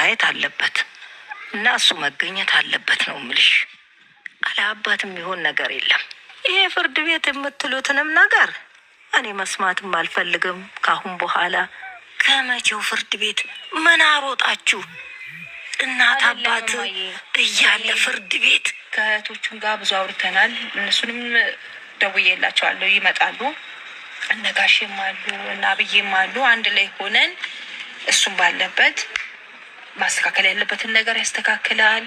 ማየት አለበት እና እሱ መገኘት አለበት ነው ምልሽ። አባትም የሚሆን ነገር የለም። ይሄ ፍርድ ቤት የምትሉትንም ነገር እኔ መስማትም አልፈልግም ካሁን በኋላ። ከመቼው ፍርድ ቤት ምን አሮጣችሁ? እናት አባት እያለ ፍርድ ቤት። ከእህቶቹም ጋር ብዙ አውርተናል። እነሱንም ደውዬላቸዋለሁ፣ ይመጣሉ። እነጋሽም አሉ እና ብዬም አሉ። አንድ ላይ ሆነን እሱም ባለበት ማስተካከል ያለበትን ነገር ያስተካክላል።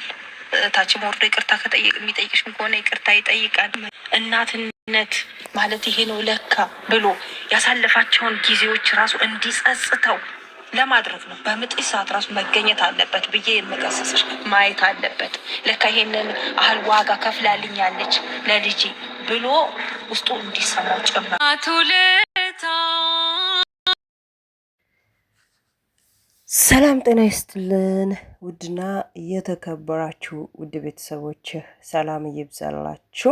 ታችም ወርዶ ይቅርታ ከጠየቅ የሚጠይቅሽ ከሆነ ይቅርታ ይጠይቃል። እናትነት ማለት ይሄ ነው ለካ ብሎ ያሳለፋቸውን ጊዜዎች ራሱ እንዲጸጽተው ለማድረግ ነው። በምጥ ሰዓት ራሱ መገኘት አለበት ብዬ የምቀስስሽ ማየት አለበት። ለካ ይሄንን አህል ዋጋ ከፍላልኛለች ለልጄ ብሎ ውስጡ እንዲሰማው ጭምር ሰላም ጤና ይስጥልን። ውድና የተከበራችሁ ውድ ቤተሰቦች ሰላም እየብዛላችሁ።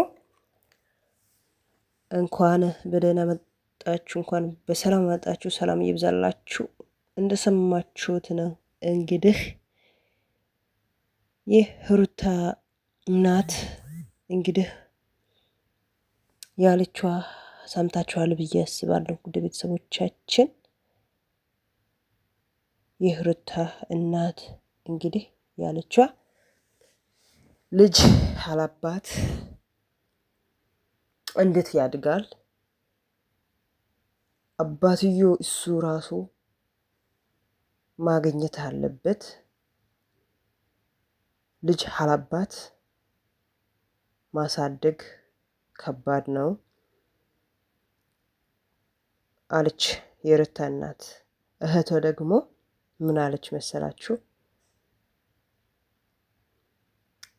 እንኳን በደህና መጣችሁ፣ እንኳን በሰላም መጣችሁ። ሰላም እየብዛላችሁ። እንደሰማችሁት ነው እንግዲህ ይህ ሩታ እናት እንግዲህ ያለችዋ ሰምታችኋል ብዬ አስባለሁ ውድ ቤተሰቦቻችን ይህ ርታ እናት እንግዲህ ያለችዋ ልጅ አላባት እንዴት ያድጋል? አባትዮ እሱ ራሱ ማግኘት አለበት። ልጅ አላባት ማሳደግ ከባድ ነው አለች የሩታ እናት። እህቷ ደግሞ ምን አለች መሰላችሁ?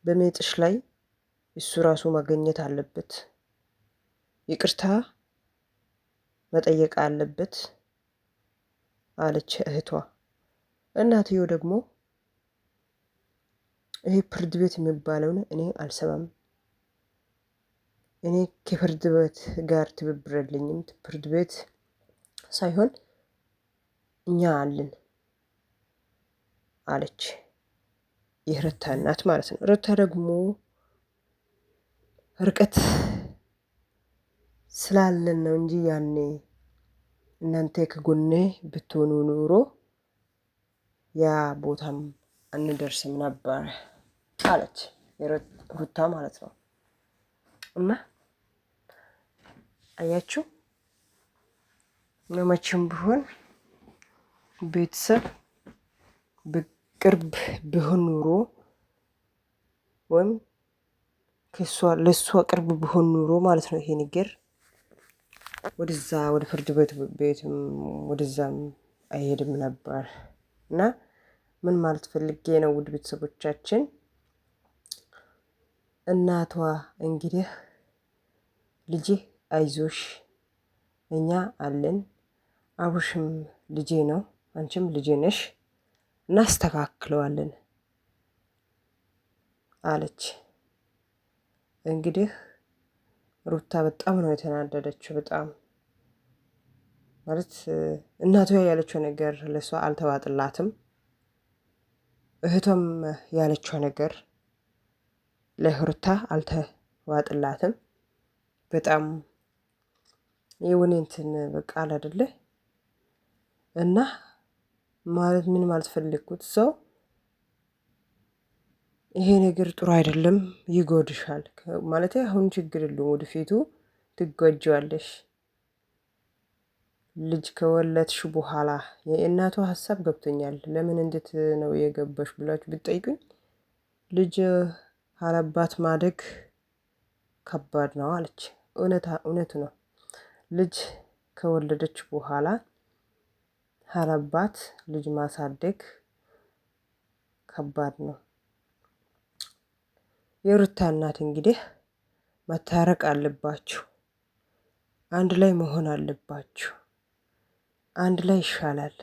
በምጥሽ ላይ እሱ ራሱ ማገኘት አለበት፣ ይቅርታ መጠየቅ አለበት አለች እህቷ። እናትየው ደግሞ ይሄ ፍርድ ቤት የሚባለውን እኔ አልሰማም፣ እኔ ከፍርድ ቤት ጋር ትብብር የለኝም። ፍርድ ቤት ሳይሆን እኛ አለን አለች። ይህ እናት ማለት ነው። ሩታ ደግሞ ርቀት ስላለን ነው እንጂ ያኔ እናንተ ከጎኔ ብትሆኑ ኑሮ ያ ቦታም አንደርስም ነበር አለች ሩታ ማለት ነው። እና አያችሁ መቼም ቢሆን ቤተሰብ ቅርብ ብሆን ኑሮ ወይም ለእሷ ቅርብ ብሆን ኑሮ ማለት ነው ይሄ ነገር ወደዛ ወደ ፍርድ ቤት ቤትም ወደዛም አይሄድም ነበር እና ምን ማለት ፈልጌ ነው ውድ ቤተሰቦቻችን እናቷ እንግዲህ ልጅህ አይዞሽ እኛ አለን አቡሽም ልጄ ነው አንቺም ልጄ ነሽ እናስተካክለዋለን አለች። እንግዲህ ሩታ በጣም ነው የተናደደችው። በጣም ማለት እናቷ ያለችው ነገር ለሷ አልተዋጥላትም። እህቷም ያለችው ነገር ለሩታ አልተዋጥላትም። በጣም የውኔ እንትን በቃ እና ማለት ምን ማለት ፈለግኩት ሰው ይሄ ነገር ጥሩ አይደለም፣ ይጎድሻል ማለት አሁን ችግር የለውም፣ ወደፊቱ ትጎጂዋለሽ። ልጅ ከወለድሽ በኋላ የእናቱ ሀሳብ ገብቶኛል። ለምን እንዴት ነው የገባሽ ብላችሁ ብትጠይቁኝ ልጅ አለባት ማደግ ከባድ ነው አለች። እውነት ነው። ልጅ ከወለደች በኋላ ያለአባት ልጅ ማሳደግ ከባድ ነው። የሩታ እናት እንግዲህ መታረቅ አለባችሁ፣ አንድ ላይ መሆን አለባችሁ። አንድ ላይ ይሻላል።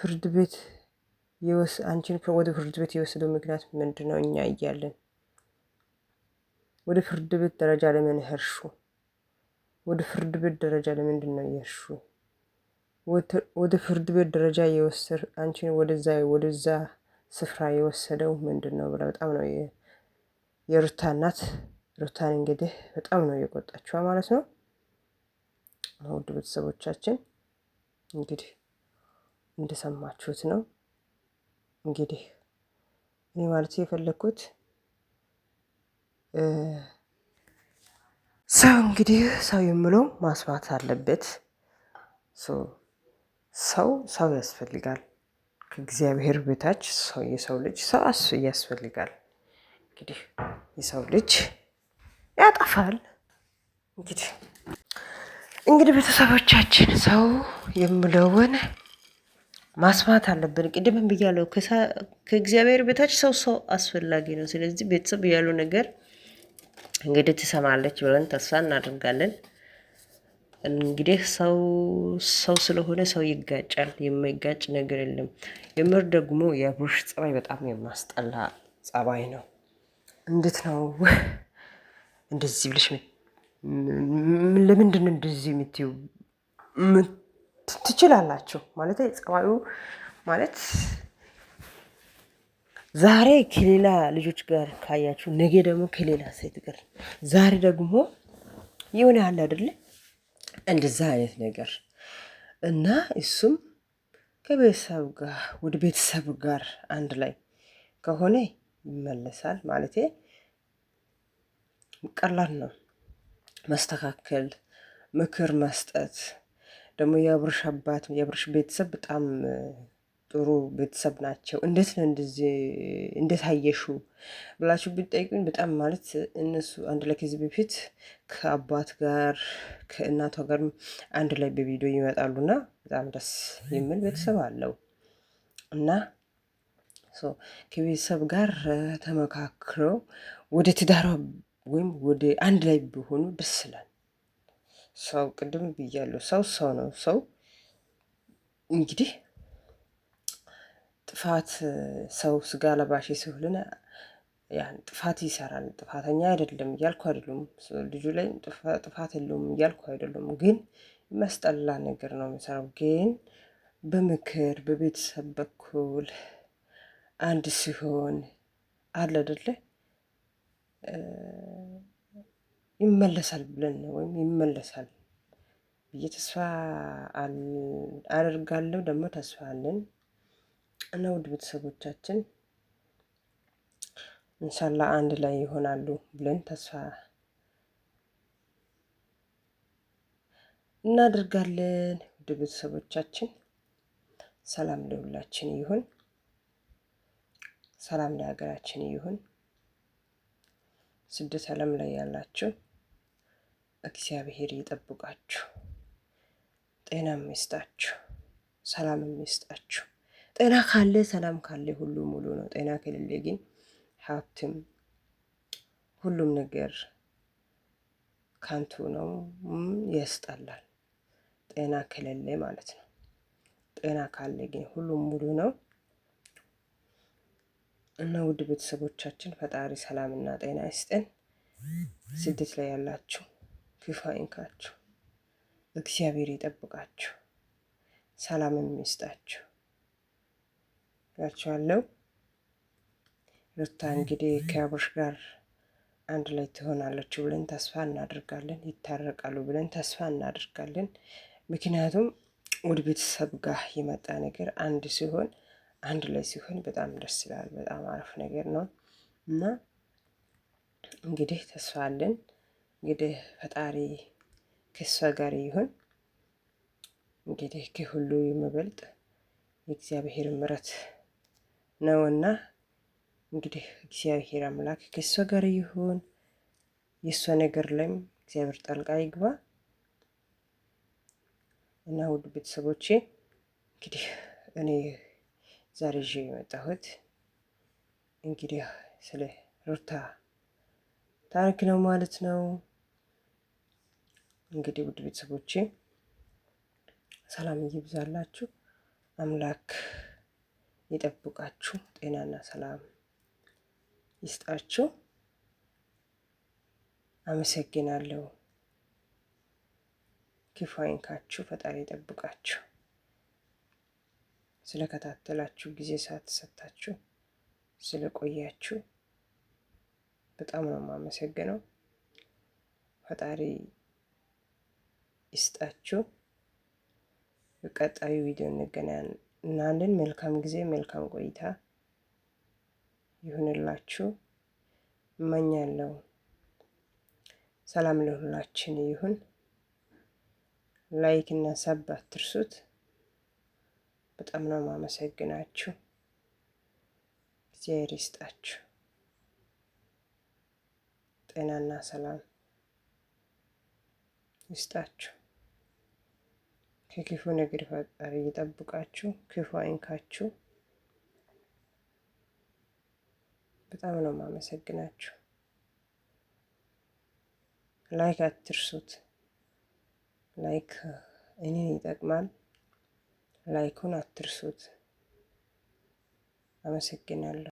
ፍርድ ቤት የወስ አንቺን ወደ ፍርድ ቤት የወሰደው ምክንያት ምንድን ነው? እኛ እያለን ወደ ፍርድ ቤት ደረጃ ለምን ሄድሽ? ወደ ፍርድ ቤት ደረጃ ለምንድን ነው የሄድሽው? ወደ ፍርድ ቤት ደረጃ የወሰድ አንቺን ወደዛ ወደዛ ስፍራ የወሰደው ምንድን ነው ብላ በጣም ነው የሩታ እናት ሩታን እንግዲህ በጣም ነው የቆጣችኋ ማለት ነው። ውድ ቤተሰቦቻችን እንግዲህ እንደሰማችሁት ነው። እንግዲህ እኔ ማለት የፈለግኩት ሰው እንግዲህ ሰው የምለው ማስማት አለበት። ሰው ሰው ያስፈልጋል። ከእግዚአብሔር በታች ሰው የሰው ልጅ ሰው አሱ ያስፈልጋል። እንግዲህ የሰው ልጅ ያጠፋል። እንግዲህ እንግዲህ ቤተሰቦቻችን ሰው የምለውን ማስማት አለብን። ቅድምም ብያለው ከእግዚአብሔር በታች ሰው ሰው አስፈላጊ ነው። ስለዚህ ቤተሰብ ያሉ ነገር እንግዲህ ትሰማለች ብለን ተስፋ እናደርጋለን። እንግዲህ ሰው ሰው ስለሆነ ሰው ይጋጫል። የማይጋጭ ነገር የለም። የምር ደግሞ የአብርሽ ጸባይ በጣም የማስጠላ ጸባይ ነው። እንዴት ነው እንደዚህ ብለሽ ለምንድን እንደዚህ የምትዩ? ትችላላችሁ ማለት ጸባዩ ማለት ዛሬ ከሌላ ልጆች ጋር ካያችሁ ነገ ደግሞ ከሌላ ሴት ጋር ዛሬ ደግሞ የሆነ ያህል አይደለም? እንደዛ አይነት ነገር እና እሱም ከቤተሰብ ጋር ወደ ቤተሰብ ጋር አንድ ላይ ከሆነ ይመለሳል። ማለት ቀላል ነው። መስተካከል፣ ምክር መስጠት ደግሞ የአብርሽ አባት የአብርሽ ቤተሰብ በጣም ጥሩ ቤተሰብ ናቸው። እንዴት ነው እንደዚህ እንዴት አየሹ ብላችሁ ብትጠይቁኝ በጣም ማለት እነሱ አንድ ላይ ከዚህ በፊት ከአባት ጋር ከእናቷ ጋር አንድ ላይ በቪዲዮ ይመጣሉ እና በጣም ደስ የሚል ቤተሰብ አለው እና ከቤተሰብ ጋር ተመካክረው ወደ ትዳሯ ወይም ወደ አንድ ላይ ቢሆኑ ደስ ይላል። ሰው ቅድም ብያለሁ፣ ሰው ሰው ነው። ሰው እንግዲህ ጥፋት ሰው ስጋ ለባሽ ሲሆን ያን ጥፋት ይሰራል። ጥፋተኛ አይደለም እያልኩ አይደሉም፣ ልጁ ላይ ጥፋት የለውም እያልኩ አይደሉም። ግን መስጠላ ነገር ነው የሚሰራው። ግን በምክር በቤተሰብ በኩል አንድ ሲሆን አለ አይደለ ይመለሳል ብለን ወይም ይመለሳል ብዬ ተስፋ አደርጋለሁ። ደግሞ ተስፋ አለን። እና ውድ ቤተሰቦቻችን እንሻላ አንድ ላይ ይሆናሉ ብለን ተስፋ እናደርጋለን። ውድ ቤተሰቦቻችን ሰላም ለሁላችን ይሁን፣ ሰላም ለሀገራችን ይሁን። ስደት ዓለም ላይ ያላችሁ እግዚአብሔር ይጠብቃችሁ፣ ጤናም ይስጣችሁ፣ ሰላምም ይስጣችሁ። ጤና ካለ ሰላም ካለ ሁሉ ሙሉ ነው። ጤና ከሌለ ግን ሀብትም ሁሉም ነገር ከንቱ ነው፣ ያስጠላል። ጤና ከሌለ ማለት ነው። ጤና ካለ ግን ሁሉም ሙሉ ነው እና ውድ ቤተሰቦቻችን ፈጣሪ ሰላም እና ጤና ይስጠን። ስደት ላይ ያላችሁ ክፉ አይንካችሁ፣ እግዚአብሔር ይጠብቃችሁ፣ ሰላምም ይስጣችሁ። እላችኋለሁ። ሩታ እንግዲህ ከአብርሽ ጋር አንድ ላይ ትሆናለች ብለን ተስፋ እናደርጋለን። ይታረቃሉ ብለን ተስፋ እናደርጋለን። ምክንያቱም ወደ ቤተሰብ ጋር የመጣ ነገር አንድ ሲሆን አንድ ላይ ሲሆን በጣም ደስ ይላል። በጣም አሪፍ ነገር ነው እና እንግዲህ ተስፋ አለን። እንግዲህ ፈጣሪ ከሷ ጋር ይሁን። እንግዲህ ከሁሉ የሚበልጥ የእግዚአብሔር ምረት ነውና እንግዲህ እግዚአብሔር አምላክ ከእሷ ጋር ይሁን። የእሷ ነገር ላይም እግዚአብሔር ጣልቃ ይግባ እና ውድ ቤተሰቦቼ እንግዲህ እኔ ዛሬ ይዤ የመጣሁት እንግዲህ ስለ ሩታ ታሪክ ነው ማለት ነው። እንግዲህ ውድ ቤተሰቦቼ ሰላም ይብዛላችሁ አምላክ ይጠብቃችሁ፣ ጤናና ሰላም ይስጣችሁ። አመሰግናለሁ። ክፉ አይንካችሁ፣ ፈጣሪ ይጠብቃችሁ። ስለከታተላችሁ ጊዜ ሳትሰጣችሁ ስለቆያችሁ በጣም ነው የማመሰግነው። ፈጣሪ ይስጣችሁ። በቀጣዩ ቪዲዮ እንገናኛለን። እናንድን መልካም ጊዜ መልካም ቆይታ ይሁንላችሁ እመኛለሁ። ሰላም ለሁላችን ይሁን። ላይክ እና ሰብ አትርሱት። በጣም ነው ማመሰግናችሁ። እግዚአብሔር ይስጣችሁ ጤናና ሰላም ይስጣችሁ። ከክፉ ነገር ፈጣሪ ይጠብቃችሁ፣ ክፉ አይንካችሁ። በጣም ነው የማመሰግናችሁ። ላይክ አትርሱት። ላይክ እኔን ይጠቅማል። ላይኩን አትርሱት። አመሰግናለሁ።